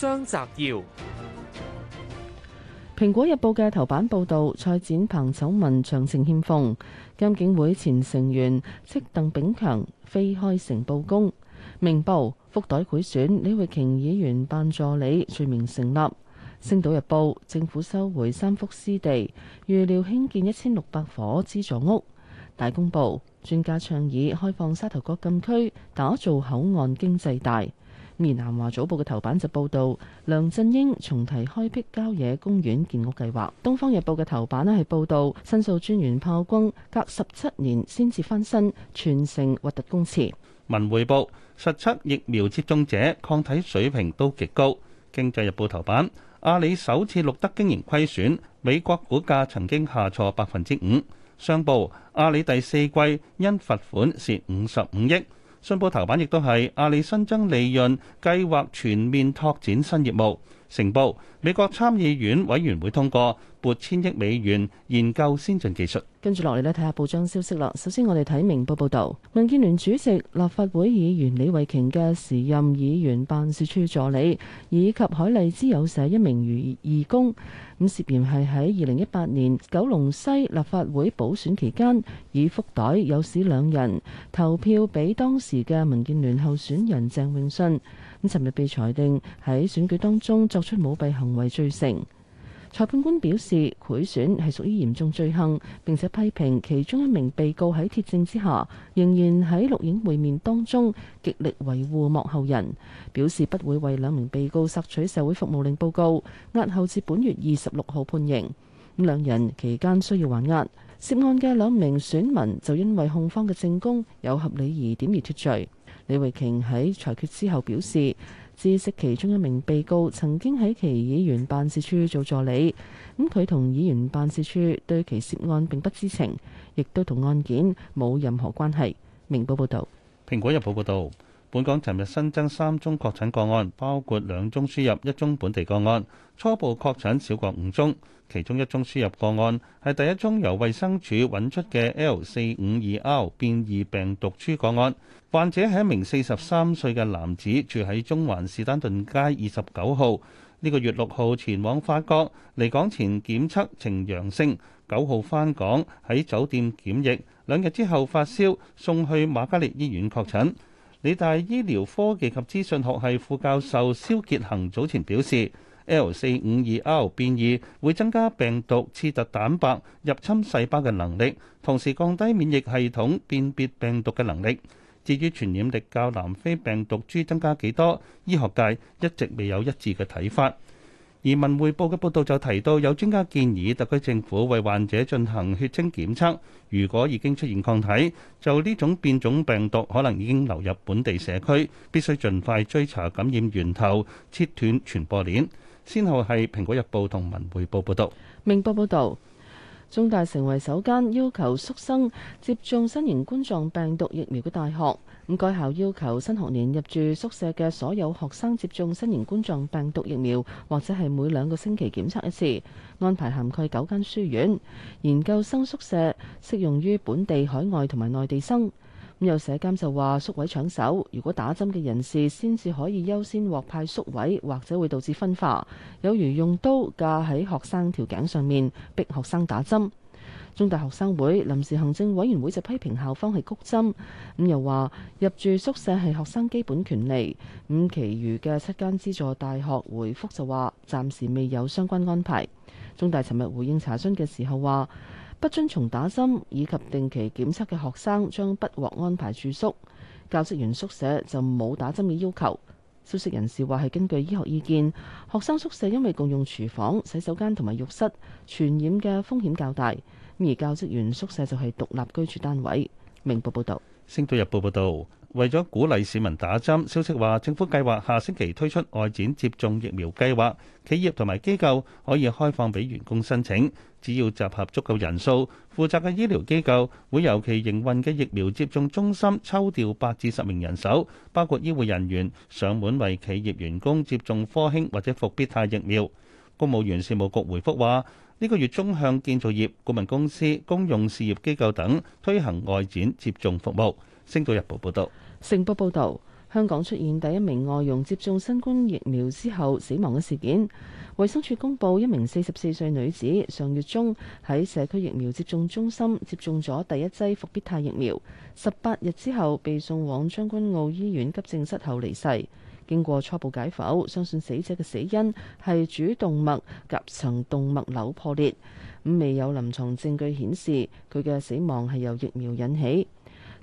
張澤堯，《蘋果日報》嘅頭版報道蔡展鵬醜聞詳情欠奉，監警會前成員斥鄧炳強非開誠布公，《明報》福袋賄選，李慧瓊議員辦助理罪名成立，《星島日報》政府收回三幅私地，預料興建一千六百伙資助屋，《大公報》專家倡議開放沙頭角禁區，打造口岸經濟帶。年《南華早報》嘅頭版就報道梁振英重提開闢郊野公園建屋計劃，《東方日報》嘅頭版呢，係報道申訴專員炮轟，隔十七年先至翻新，全城核突公廁。《文匯報》實測疫苗接種者抗體水平都極高，《經濟日報》頭版阿里首次錄得經營虧損，美國股價曾經下挫百分之五。商報阿里第四季因罰款是五十五億。信報頭版亦都係，阿里新增利潤，計劃全面拓展新業務。成報美國參議院委員會通過撥千億美元研究先進技術。跟住落嚟咧，睇下報章消息啦。首先我哋睇明報報道：民建聯主席立法會議員李慧瓊嘅時任議員辦事處助理以及海麗之友社一名如義工，咁涉嫌係喺二零一八年九龍西立法會補選期間，以福袋誘使兩人投票俾當時嘅民建聯候選人鄭泳舜。咁尋日被裁定喺選舉當中作出舞弊行為罪成，裁判官表示賄選係屬於嚴重罪行，並且批評其中一名被告喺鐵證之下，仍然喺錄影會面當中極力維護幕後人，表示不會為兩名被告索取社會服務令報告，押後至本月二十六號判刑。咁兩人期間需要還押。涉案嘅兩名選民就因為控方嘅證供有合理疑點而脫罪。李慧瓊喺裁決之後表示，知悉其中一名被告曾經喺其議員辦事處做助理，咁佢同議員辦事處對其涉案並不知情，亦都同案件冇任何關係。明報報道，蘋果日報報道。本港尋日新增三宗確診個案，包括兩宗輸入、一宗本地個案。初步確診少過五宗，其中一宗輸入個案係第一宗由衛生署揾出嘅 L 四五二 R 變異病毒株個案。患者係一名四十三歲嘅男子，住喺中環士丹頓街二十九號。呢、這個月六號前往法國，嚟港前檢測呈陽性，九號返港喺酒店檢疫兩日之後發燒，送去瑪嘉烈醫院確診。理大醫療科技及資訊學系副教授蕭傑恒早前表示，L 四五二 R 變異會增加病毒刺突蛋白入侵細胞嘅能力，同時降低免疫系統辨別病毒嘅能力。至於傳染力較南非病毒株增加幾多，醫學界一直未有一致嘅睇法。而文匯報嘅報道就提到，有專家建議特區政府為患者進行血清檢測，如果已經出現抗體，就呢種變種病毒可能已經流入本地社區，必須盡快追查感染源頭，切斷傳播鏈，先後係蘋果日報同《文匯報》報道。明報報道。中大成為首間要求宿生接種新型冠狀病毒疫苗嘅大學。咁該校要求新學年入住宿舍嘅所有學生接種新型冠狀病毒疫苗，或者係每兩個星期檢測一次，安排涵蓋九間書院、研究生宿舍，適用於本地、海外同埋內地生。咁有社監就話宿位搶手，如果打針嘅人士先至可以優先獲派宿位，或者會導致分化，有如用刀架喺學生條頸上面逼學生打針。中大學生會臨時行政委員會就批評校方係谷針，咁、嗯、又話入住宿舍係學生基本權利。咁，其餘嘅七間資助大學回覆就話暫時未有相關安排。中大尋日回應查詢嘅時候話。不遵從打針以及定期檢測嘅學生將不獲安排住宿，教職員宿舍就冇打針嘅要求。消息人士話係根據醫學意見，學生宿舍因為共用廚房、洗手間同埋浴室，傳染嘅風險較大。而教職員宿舍就係獨立居住單位。明報報道。星島日報報導，為咗鼓勵市民打針，消息話政府計劃下星期推出外展接種疫苗計劃，企業同埋機構可以開放俾員工申請，只要集合足夠人數，負責嘅醫療機構會由其營運嘅疫苗接種中心抽調八至十名人手，包括醫護人員，上門為企業員工接種科興或者復必泰疫苗。公務員事務局回覆話，呢個月中向建造業、顧問公司、公用事業機構等推行外展接種服務。星島日報報道。成報報道，香港出現第一名外傭接種新冠疫苗之後死亡嘅事件。衛生署公布一名四十四歲女子，上月中喺社區疫苗接種中心接種咗第一劑復必泰疫苗，十八日之後被送往將軍澳醫院急症室後離世。經過初步解剖，相信死者嘅死因係主動脈夾層動脈瘤破裂。未有臨床證據顯示佢嘅死亡係由疫苗引起。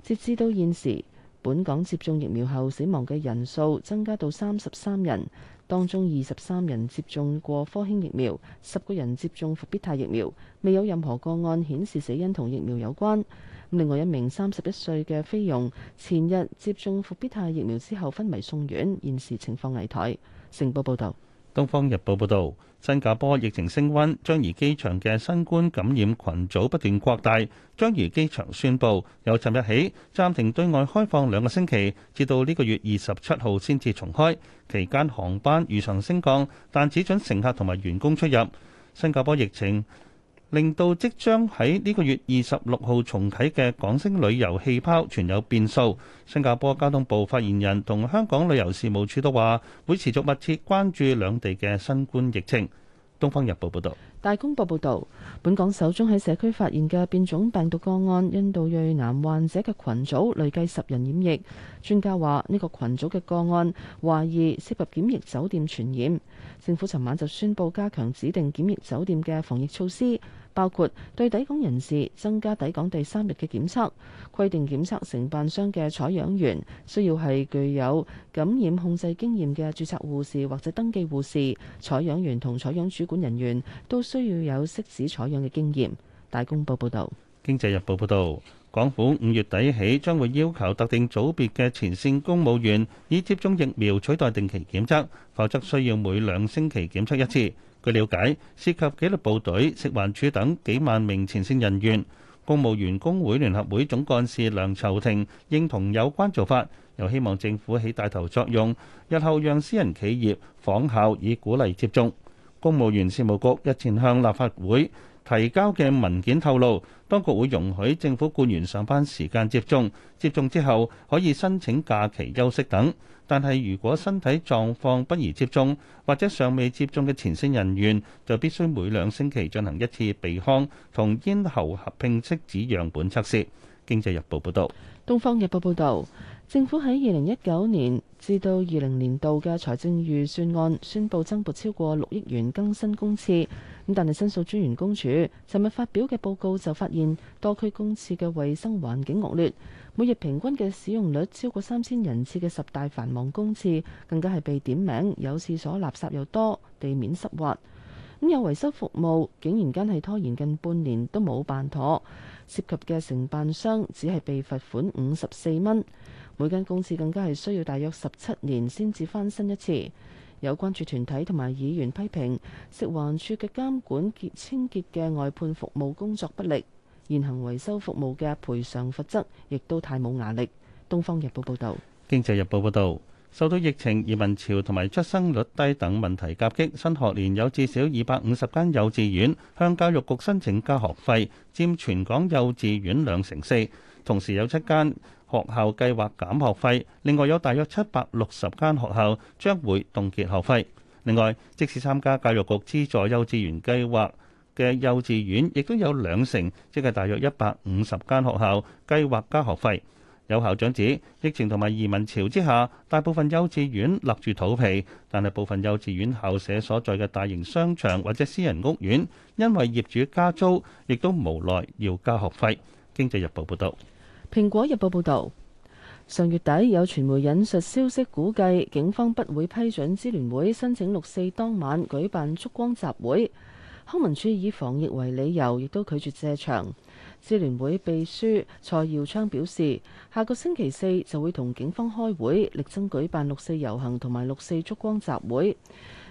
截至到現時，本港接種疫苗後死亡嘅人數增加到三十三人，當中二十三人接種過科興疫苗，十個人接種伏必泰疫苗，未有任何個案顯示死因同疫苗有關。另外一名三十一歲嘅菲傭，前日接種復必泰疫苗之後昏迷送院，現時情況危殆。成報報道。《東方日報》報道，新加坡疫情升溫，樟宜機場嘅新冠感染群組不斷擴大。樟宜機場宣布，由尋日起暫停對外開放兩個星期，至到呢個月二十七號先至重開。期間航班如常升降，但只准乘客同埋員工出入。新加坡疫情，令到即將喺呢個月二十六號重啟嘅港星旅遊氣泡存有變數。新加坡交通部發言人同香港旅遊事務處都話，會持續密切關注兩地嘅新冠疫情。《東方日報》報道，《大公報》報導，本港首宗喺社區發現嘅變種病毒個案，印度裔男患者嘅群組累計十人染疫。專家話呢個群組嘅個案，懷疑涉，涉及檢疫酒店傳染。政府尋晚就宣布加強指定檢疫酒店嘅防疫措施。包括對抵港人士增加抵港第三日嘅檢測，規定檢測承辦商嘅採樣員需要係具有感染控制經驗嘅註冊護士或者登記護士，採樣員同採樣主管人員都需要有適時採樣嘅經驗。大公報報導，《經濟日報》報導，港府五月底起將會要求特定組別嘅前線公務員以接種疫苗取代定期檢測，否則需要每兩星期檢測一次。據了解，涉及紀律部隊、食環署等幾萬名前線人員，公務員工會聯合會總幹事梁籌庭認同有關做法，又希望政府起帶頭作用，日後讓私人企業仿效以鼓勵接種。公務員事務局日前向立法會提交嘅文件透露，當局會容許政府官員上班時間接種，接種之後可以申請假期休息等。但係如果身體狀況不宜接種或者尚未接種嘅前線人員就必須每兩星期進行一次鼻腔同咽喉合併拭子樣本測試。經濟日報報道。東方日報報導。政府喺二零一九年至到二零年度嘅財政預算案，宣布增撥超過六億元更新公廁，咁但係申訴專員公署尋日發表嘅報告就發現多區公廁嘅衛生環境惡劣，每日平均嘅使用率超過三千人次嘅十大繁忙公廁更加係被點名有廁所垃圾又多，地面濕滑。咁有維修服務竟然間係拖延近半年都冇辦妥，涉及嘅承辦商只係被罰款五十四蚊。每間公廁更加係需要大約十七年先至翻新一次。有關注團體同埋議員批評食環署嘅監管潔清潔嘅外判服務工作不力，現行維修服務嘅賠償罰則亦都太冇牙力。《東方日報》報道。《經濟日報》報道，受到疫情移民潮同埋出生率低等問題夾擊，新學年有至少二百五十間幼稚園向教育局申請加學費，佔全港幼稚園兩成四。同時有七間學校計劃減學費，另外有大約七百六十間學校將會凍結學費。另外，即使參加教育局資助幼稚園計劃嘅幼稚園，亦都有兩成，即係大約一百五十間學校計劃加學費。有校長指，疫情同埋移民潮之下，大部分幼稚園勒住肚皮，但係部分幼稚園校舍所在嘅大型商場或者私人屋苑，因為業主加租，亦都無奈要加學費。經濟日報報導。蘋果日報報道，上月底有傳媒引述消息，估計警方不會批准支聯會申請六四當晚舉辦燭光集會。康文署以防疫為理由，亦都拒絕借場。支聯會秘書蔡耀昌表示，下個星期四就會同警方開會，力爭舉辦六四遊行同埋六四燭光集會。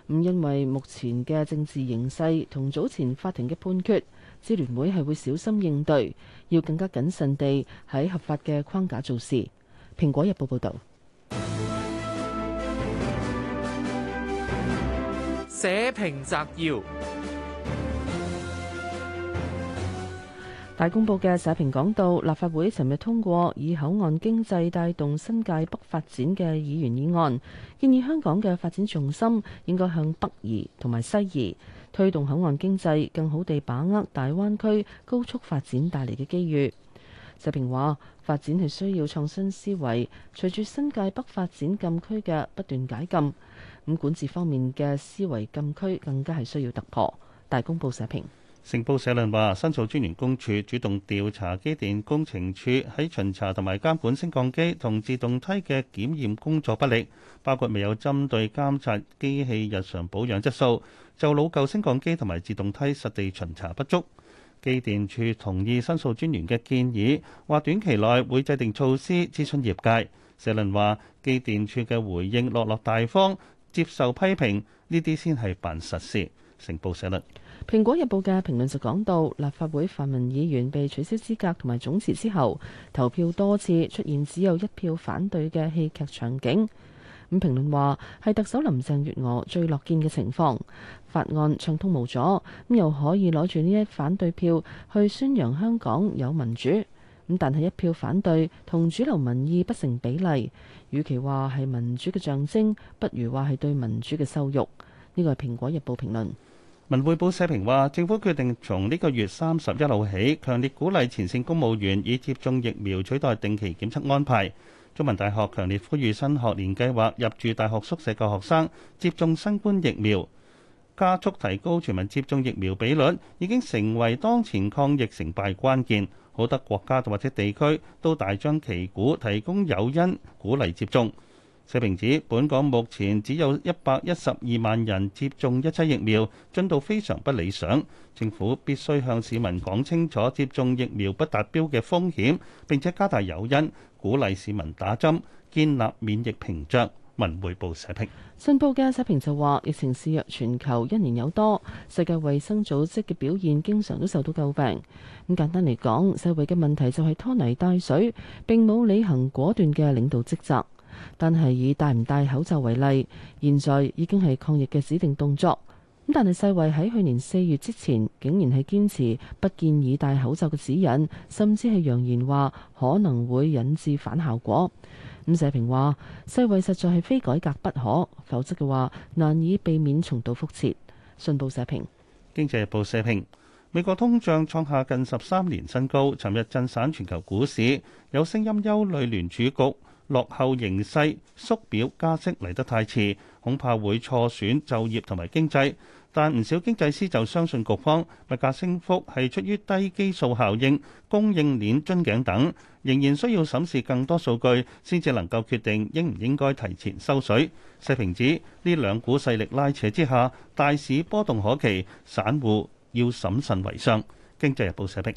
唔，因為目前嘅政治形勢同早前法庭嘅判決。支聯會係會小心應對，要更加謹慎地喺合法嘅框架做事。《蘋果日報》報導，社評摘要。大公報嘅社評講到，立法會尋日通過以口岸經濟帶動新界北發展嘅議員議案，建議香港嘅發展重心應該向北移同埋西移。推動口岸經濟，更好地把握大灣區高速發展帶嚟嘅機遇。社評話：發展係需要創新思維，隨住新界北發展禁區嘅不斷解禁，咁管治方面嘅思維禁區更加係需要突破。大公報社評。成報社論話，申訴專員公署主動調查機電工程處喺巡查同埋監管升降機同自動梯嘅檢驗工作不力，包括未有針對監察機器日常保養質素，就老舊升降機同埋自動梯實地巡查不足。機電處同意申訴專員嘅建議，話短期內會制定措施諮詢諮業界。社論話，機電處嘅回應落落大方，接受批評，呢啲先係辦實事。成報社論，蘋果日報嘅評論就講到，立法會泛民議員被取消資格同埋總辭之後，投票多次出現只有一票反對嘅戲劇場景。咁評論話係特首林鄭月娥最樂見嘅情況，法案暢通無阻，咁又可以攞住呢一反對票去宣揚香港有民主。咁但係一票反對同主流民意不成比例，與其話係民主嘅象徵，不如話係對民主嘅羞辱。呢個係蘋果日報評論。評論文匯報社評話，政府決定從呢個月三十一號起，強烈鼓勵前線公務員以接種疫苗取代定期檢測安排。中文大學強烈呼籲新學年計劃入住大學宿舍嘅學生接種新冠疫苗，加速提高全民接種疫苗比率，已經成為當前抗疫成敗關鍵。好多國家同或者地區都大張旗鼓提供誘因鼓勵接種。社評指，本港目前只有一百一十二萬人接種一劑疫苗，進度非常不理想。政府必須向市民講清楚接種疫苗不達標嘅風險，並且加大誘因，鼓勵市民打針，建立免疫屏障。文匯報社評新報嘅社評就話：疫情肆虐全球一年有多，世界衛生組織嘅表現經常都受到詬病。咁簡單嚟講，世衞嘅問題就係拖泥帶水，並冇履行果斷嘅領導職責。但係以戴唔戴口罩為例，現在已經係抗疫嘅指定動作。咁但係世衛喺去年四月之前，竟然係堅持不建議戴口罩嘅指引，甚至係揚言話可能會引致反效果。咁社評話世衛實在係非改革不可，否則嘅話難以避免重蹈覆轍。信報社評，經濟日報社評，美國通脹創下近十三年新高，尋日震散全球股市，有聲音憂慮聯儲局，落後形勢，縮表，加息，嚟得太遲，恐怕會錯選，就業同埋經濟。但唔少經濟師就相信局方，物價升幅係出於低基數效應，供應鏈樽頸等，仍然需要審視更多數據，先至能夠決定應唔應該提前收水。社評指，這兩股勢力拉扯之下，大市波動可期，散戶要審慎為上。經濟日報社評。